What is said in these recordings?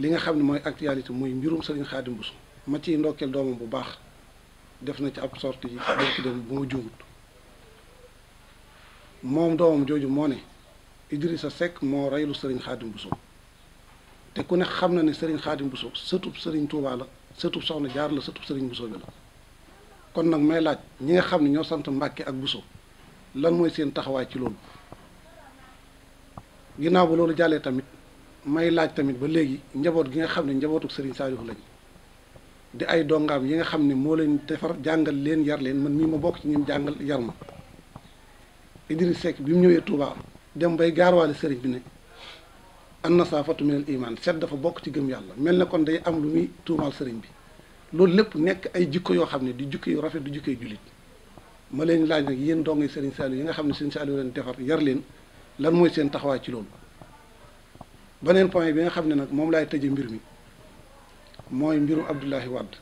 li nga xam ne mooy actualité muy mbirum Serigne Khadim Bousso ma ciy ndokkeel doomam bu baax def na ci ab sorti yi bokki bu mu jugut moom doomam jooju moo ne sa Seck moo reylu sëriñ Khadim Bousso te ku ne xam na ne Serigne Khadim Bousso sëtub sëriñ Touba la sëtub Soxna Jaar la sëriñ Serigne Bousso bi la kon nag may laaj ñi nga xam ne ñoo sant Mbàkke ak Bousso lan mooy seen taxawaay ci loolu ginnaaw ba loolu jàllee tamit may laaj tamit ba léegi njaboot gi nga xam ne njabootu sëriñ Saliou lañ di ay dongaam yi nga xam ne moo leen defar jàngal leen yar leen man mii ma bokk ci ñun jàngal yar ma Idriss Seck bi mu ñëwee Touba dem bay gaarwaale sëriñ bi ne an nasaafatu minal iman set dafa bokk ci gëm yàlla mel ne kon day am lu muy tuumaal sëriñ bi loolu lépp nekk ay jikko yoo xam ne di jikko yu rafet du jikko yu jullit ma leen laaj nag yéen dongay Serigne Saliou yi nga xam ne Serigne Saliou leen defar yar leen lan mooy taxawaay ci loolu. beneen point bi nga xam ne nag moom laay tëje mbir mi mooy mbirum Abdoulaye Wade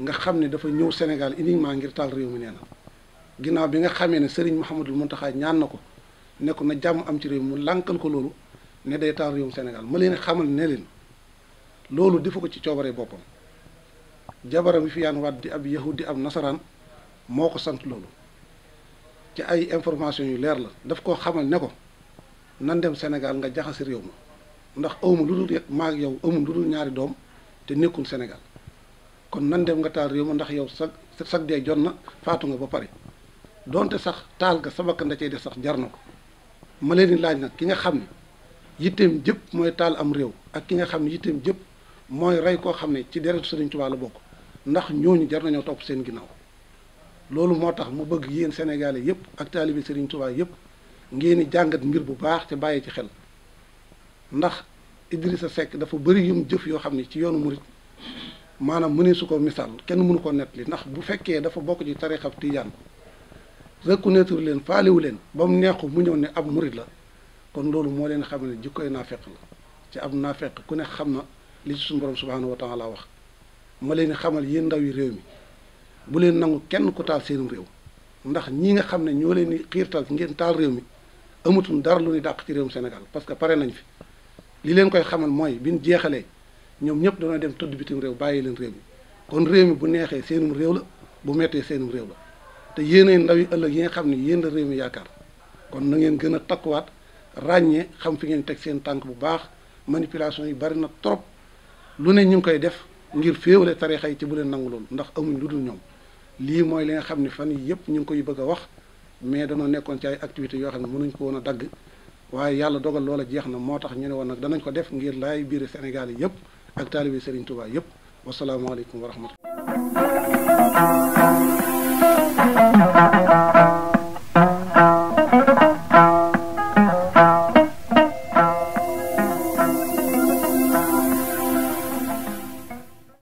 nga xam ne dafa ñëw Sénégal uniquement ngir taal réew mi nee na ginnaaw bi nga xamee ne Serigne Mouhamadul Mountakha ñaan na ko ne ko na jàmm am ci réew mu lànkal ko loolu ne day taal réewum Sénégal ma leen xamal ne leen loolu defu ko ci coobaree boppam jabaram yi fi di ab di ab nasaraan moo ko sant loolu ci ay information yu leer la daf koo xamal ne ko nan dem Sénégal nga jaxase réew ma ndax awma lu dul maag yow amul lu dul ñaari doom te nekkul Sénégal kon nan dem nga taal réew ma ndax yow sag sag dee jot na faatu nga ba pare donte sax taal ga sabakka nda cey def sax jar na ko ma leen di laaj nag ki nga xam ne yitteem jëpp mooy taal am réew ak ki nga xam ne yitteem jëpp mooy rey koo xam ne ci deretu Sëriñ Tuubaa la bokk ndax ñooñu jar nañoo topp seen ginnaaw loolu moo tax mu bëgg yéen Sénégalais yëpp ak taali Sëriñ Tuubaa yëpp ngeen di jàngat mbir bu baax te bàyyi ci xel ndax Idrissa sekk dafa bari yum jëf yoo xam ne ci yoonu murit maanaam mu ne su ko misaal kenn mënu ko li ndax bu fekkee dafa bokk ci tarixab tijaan reconnaître leen faaliwu leen ba mu neexu mu ñëw ne ab murit la kon loolu moo leen xam ne jikkoy naafeq la ci ab naafeq ku ne xam na li ci suñu borom subhaanahu wa taala wax ma leen xamal yéen ndaw yi réew mi bu leen nangu kenn ku taal seenum réew ndax ñi nga xam ne ñoo leen di xiirtal ngeen taal réew mi amatuñ dara lu ñuy dàq ci réewum Sénégal parce que pare nañ fi li leen koy xamal mooy bi nu jeexalee ñoom ñëpp dañoo dem tëdd bitim réew bàyyi leen réew mi kon réew mi bu neexee seenum réew la bu mettee seenum réew la te yéenay ndaw yi ëllëg yi nga xam ni yéen la réew mi yaakaar kon na ngeen gën a takkuwaat ràññee xam fi ngeen teg seen tànk bu baax manipulation yi bari na trop lu ne ñu ngi koy def ngir féewale tarixa yi ci bu leen nangu loolu ndax amuñ lu dul lii mooy li nga xam ne fan yii yëpp ñu ngi koy bëgg a wax mais danoo nekkoon ci ay activités yoo xam ne mënuñ ko woon a dagg waaye yàlla dogal loola jeex na moo tax ñu ne woon nag danañ ko def ngir laay biir Sénégal yi yëpp ak taalibi Serigne Touba yëpp wasalaamaaleykum wa rahmatullah